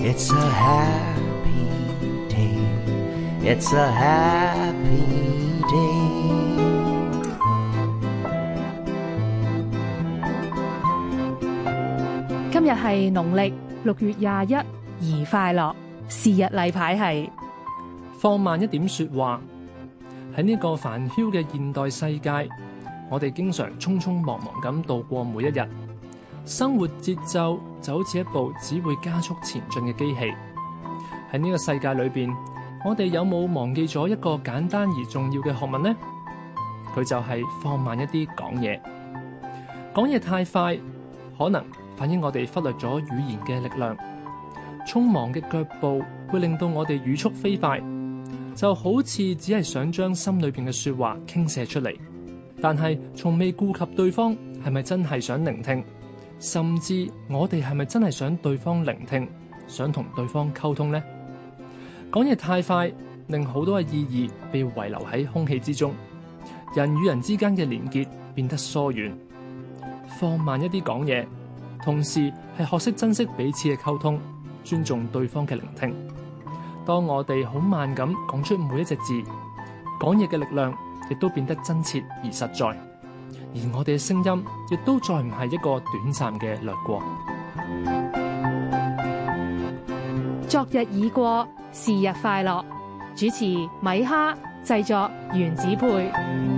It's a happy day. It's a happy day. 今日係農曆六月廿一，而快樂日，是日例牌係放慢一點說話。喺呢個繁囂嘅現代世界，我哋經常匆匆忙忙咁度過每一日。生活節奏就好似一部只會加速前進嘅機器。喺呢個世界裏邊，我哋有冇忘記咗一個簡單而重要嘅學問呢？佢就係放慢一啲講嘢。講嘢太快，可能反映我哋忽略咗語言嘅力量。匆忙嘅腳步會令到我哋語速飛快，就好似只係想將心裏邊嘅說話傾瀉出嚟，但係從未顧及對方係咪真係想聆聽？甚至我哋係咪真係想對方聆聽，想同對方溝通呢？講嘢太快，令好多嘅意義被遺留喺空氣之中，人與人之間嘅連結變得疏遠。放慢一啲講嘢，同時係學識珍惜彼此嘅溝通，尊重對方嘅聆聽。當我哋好慢咁講出每一隻字，講嘢嘅力量亦都變得真切而實在。而我哋嘅聲音亦都再唔係一個短暫嘅掠過。昨日已過，是日快樂。主持米哈，製作原子配。